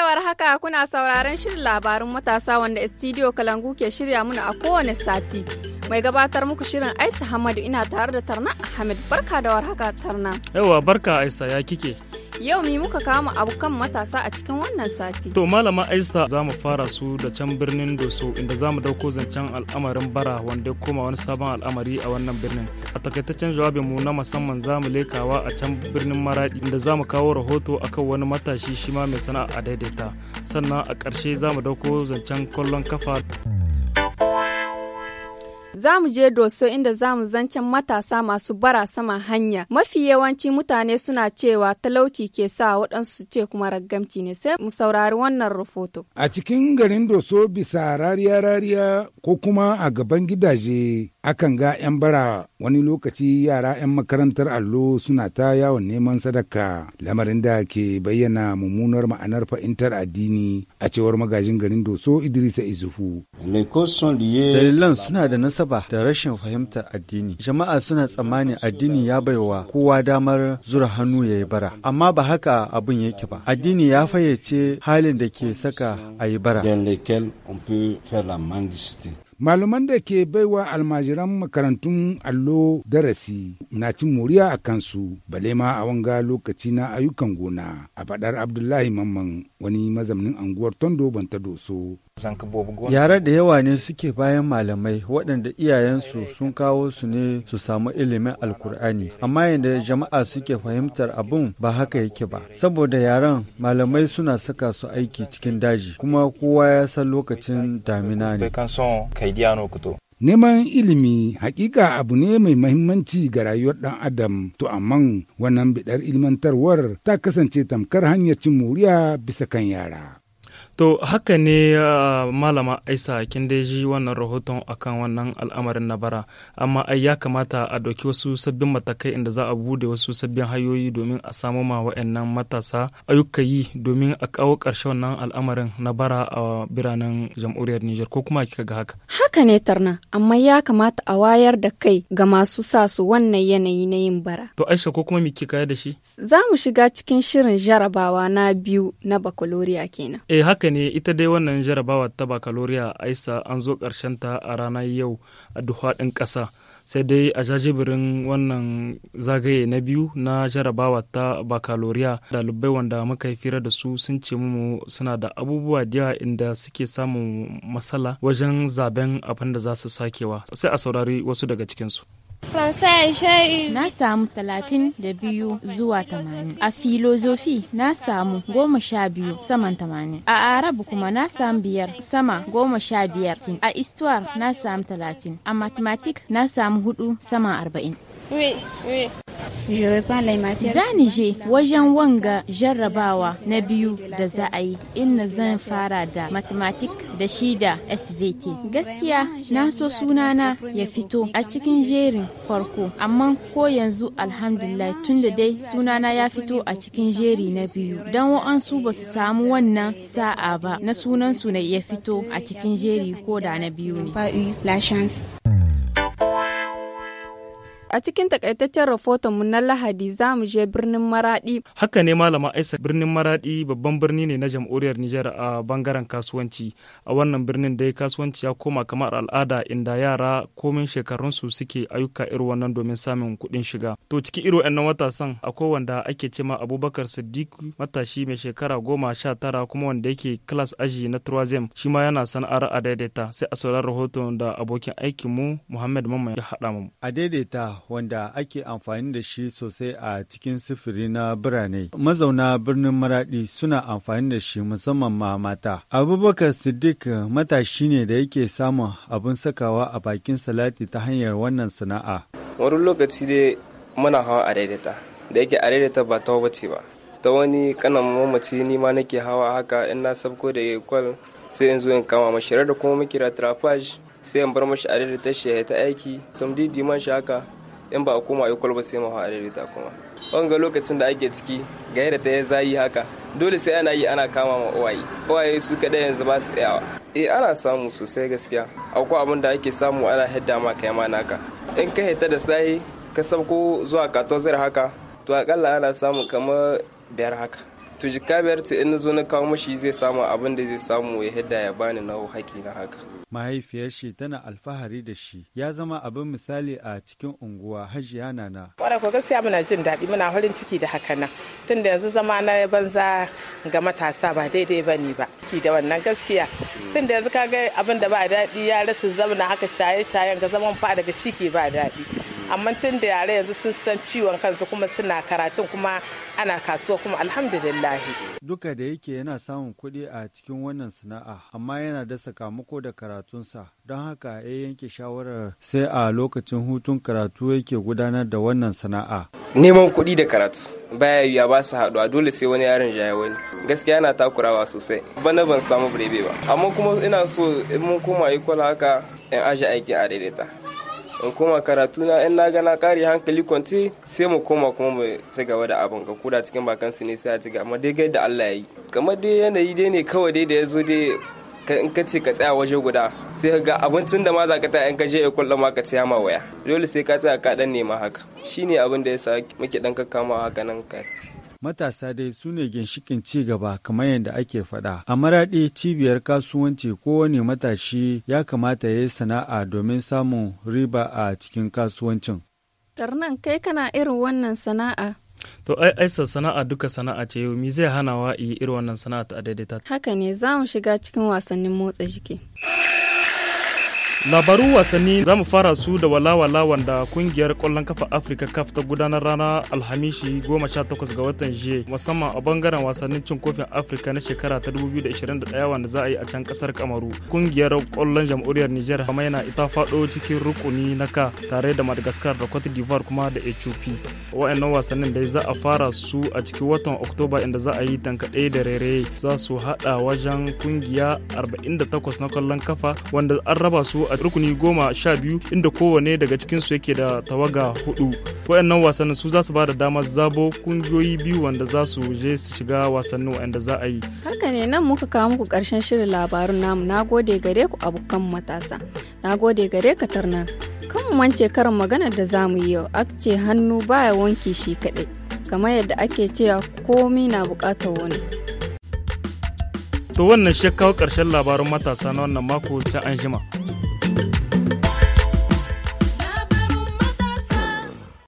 warhaka kuna sauraron shirin labarin matasa wanda studio kalangu ke shirya muna a kowane sati mai gabatar muku shirin aisa hamadu ina tare da tarna hamid barka da warhaka tarna yawa barka aisa ya kike Yau mi muka kama abu kan matasa a cikin wannan sati. To malama Aista za mu fara su da can birnin Doso inda za mu dauko zancen al'amarin bara wanda ya koma wani sabon al'amari a wannan birnin. A takaitaccen jawabin mu na musamman za mu lekawa a can birnin Maradi inda za mu kawo rahoto akan wani matashi shi ma mai sana'a a daidaita. Sannan a ƙarshe za mu dauko zancen kallon kafa. Za mu je doso inda za mu zancen matasa masu bara sama hanya. Mafi yawanci mutane suna cewa talauci ke sa waɗansu ce kuma raggamci ne sai mu saurari wannan rahoto. A cikin garin doso bisa rariya rariya ko kuma a gaban gidaje akan ga 'yan bara wani lokaci yara 'yan makarantar allo suna ta yawon neman sadaka lamarin da ke bayyana mummunar ma'anar fahimtar addini a cewar magajin garin doso idrisa izufu dalilan suna da nasaba da rashin fahimtar addini jama'a suna tsammanin addini ya baiwa kowa damar zura hannu ya yi bara amma ba haka abin yake ba addini ya fayyace halin da ke saka a yi bara Malaman da ke baiwa almajiran makarantun allo darasi na cin moriya a kansu bale ma a wanga lokaci na ayyukan gona a faɗar Abdullahi Mamman wani mazamnin anguwar Tondo Banta Doso Yara da yawa ne suke bayan malamai waɗanda iyayensu sun kawo su ne su samu ilimin alkur'ani. Amma yadda jama'a suke fahimtar abun ba haka yake ba. Saboda yaran malamai suna saka su aiki cikin daji kuma kowa ya san lokacin damina ne. Neman ilimi hakika abu ne mai mahimmanci ga rayuwar ɗan adam to amma wannan bidar ilmantarwar ta kasance tamkar hanyar cin moriya bisa kan yara. To haka ne malama Aisa kin dai ji wannan rahoton akan wannan al'amarin na bara amma ai ya kamata a ɗauki wasu sabbin matakai inda za a bude wasu sabbin hanyoyi domin a samu ma wa'annan matasa ayyuka yi domin a kawo ƙarshen wannan al'amarin na bara a biranen jamhuriyar Nijar ko kuma kika ga haka. Haka ne tarna amma ya kamata a wayar da kai ga masu sa su wannan yanayi na yin bara. To Aisha ko kuma me kika da shi? Za mu shiga cikin shirin jarabawa na biyu na bakaloriya kenan. Eh haka ne ita dai wannan jarabawa ta bakaloriya aisa an zo ta a ranar yau a duhaɗin ƙasa sai dai a jajibirin wannan zagaye na biyu na jarabawa ta bakaloriya dalibai wanda muka yi fira da su sun ce mu suna da abubuwa da yawa inda suke samun matsala wajen zaben abin da za su sakewa sai a saurari wasu daga cikinsu Na samu talatin da biyu zuwa tamanin. A filozofi na samu goma sha biyu saman tamanin. A Arabu kuma na samu biyar sama goma sha biyar. A Istuwar na samu talatin. A Matematik na samu hudu saman arba'in. Za je wajen wanga jarrabawa na biyu da za a yi inna zan fara da matematik da shi da SVT. Gaskiya na so sunana ya fito a cikin jerin farko, amma ko yanzu alhamdulillah tun da dai sunana ya fito a cikin jeri na biyu. Don wa'ansu ba su samu wannan sa'a ba na sunansu ne ya fito a cikin jeri ko da na biyu ne. A cikin takaitaccen rahoton mu na Lahadi za mu je birnin Maradi. Haka ne malama Aisa birnin Maradi babban birni ne na jamhuriyar Nijar a bangaren kasuwanci. A wannan birnin dai kasuwanci ya koma kamar al'ada inda yara komin shekarunsu suke ayyuka irin wannan domin samun kuɗin shiga. To ciki irin wannan matasan akwai wanda ake cema Abubakar Siddiq matashi mai shekara goma sha tara kuma wanda yake kilas aji na Troisième shi ma yana sana'ar a daidaita sai a sauran rahoton da abokin aikinmu Muhammad Mamman ya haɗa mu. A daidaita wanda ake amfani da shi sosai a cikin sifiri na birane. Mazauna birnin Maradi suna amfani da shi musamman ma mata. Abubakar Siddiq matashi ne da yake samun abin sakawa a bakin salati ta hanyar wannan sana'a. Wani lokaci dai muna hawa a daidaita, da yake a daidaita ba ta bace ba. Ta wani kanan mamaci ni ma nake hawa haka in na sabko da kwal sai in zo in kama mashi da kuma makira trafaj sai in bar mashi a daidaita shi ya ta aiki samdidi man shi haka in ba a koma ya kwalba sai mawa a ta kuma wanga lokacin da ake ciki ga yadda ta ya zayi haka dole sai ana yi ana kama ma uwaye uwaye su kada yanzu ba su tsayawa eh ana samu sosai gaskiya akwai abin da ake samu ana hidda ma kai ma naka in ka hita da sahi ka ko zuwa katozar haka to akalla ana samu kamar biyar haka to jikka biyar ta in zo na kawo mashi zai samu abin da zai samu ya hidda ya bani na haƙi na haka mahaifiyar shi tana alfahari da shi ya zama abin misali a cikin unguwa hajiya nana wadda ko gaskiya muna jin daɗi muna farin ciki da haka nan tunda yanzu zama na banza ga matasa ba daidai ba ne ba ki da wannan gaskiya tunda yanzu ka ga abin da ba daɗi ya rasa zauna haka shaye-shayen ga zaman fa daga shi ke ba daɗi amma tun da yare yanzu sun san ciwon kansu kuma suna karatun kuma ana kasuwa kuma alhamdulillah duka da yake yana samun kuɗi a cikin wannan sana'a amma yana da sakamako da karatunsa don haka ya yanke shawarar sai a lokacin hutun karatu yake gudanar da wannan sana'a neman kuɗi da karatu baya yiwuwa ba su haɗuwa dole sai wani yaron jaya wani gaskiya yana takurawa sosai bana ban samu birebe ba amma kuma ina so in mun koma yi kwala haka in aji aiki a daidaita in koma karatu na in na ga na kare hankali kwanci sai mu koma kuma mu ci gaba da abin ka koda cikin bakan su ne sai a ci gaba dai ga da Allah ya yi kamar dai yanayi dai ne kawai dai da ya zo dai in ka ce ka tsaya waje guda sai ga abincin da ma za ka ta in ka je ya kullum ka ci ma waya dole sai ka tsaya ka dan nema haka shine abin da ya sa muke dan kakkama haka nan kai matasa dai su ne ginshikin ci gaba kamar yadda ake faɗa. A maraɗi cibiyar kasuwanci kowane matashi ya kamata ya yi sana'a domin samun riba a cikin kasuwancin. Tarnan kai kana irin wannan sana'a. To ai aisa sana'a duka sana'a ce yau mi zai hanawa yi irin wannan sana'a ta daidaita. Haka ne za mu shiga cikin wasannin motsa jiki. labaru wasanni za mu fara su da walawala wanda kungiyar kwallon kafa afirka kaf ta gudanar rana alhamishi 18 ga watan jiya musamman a bangaren wasannin cin kofin afirka na shekara ta 2021 wanda za a yi a can kasar kamaru kungiyar kwallon jamhuriyar niger yana ita fado cikin rukuni na ka tare da madagascar da cote d'ivoire kuma da ethiopia wa'annan wasannin da za a fara su a cikin watan oktoba inda za a yi tankaɗe da rere za su haɗa wajen kungiya 48 na kwallon kafa wanda an raba su a rukuni goma sha biyu inda kowane daga cikinsu yake da tawaga hudu wayannan wasannin su za su ba da damar zabo kungiyoyi biyu wanda za su je su shiga wasannin waɗanda za a yi haka ne nan muka kawo muku karshen shirin labarun namu na gode gare ku abokan matasa na gode gare ka tarnan kan mu wance karin magana da za mu yi yau ce hannu baya wanki shi kaɗai kamar yadda ake cewa komi na buƙatar wani to wannan shi kawo ƙarshen labarin matasa na wannan mako sai anjima.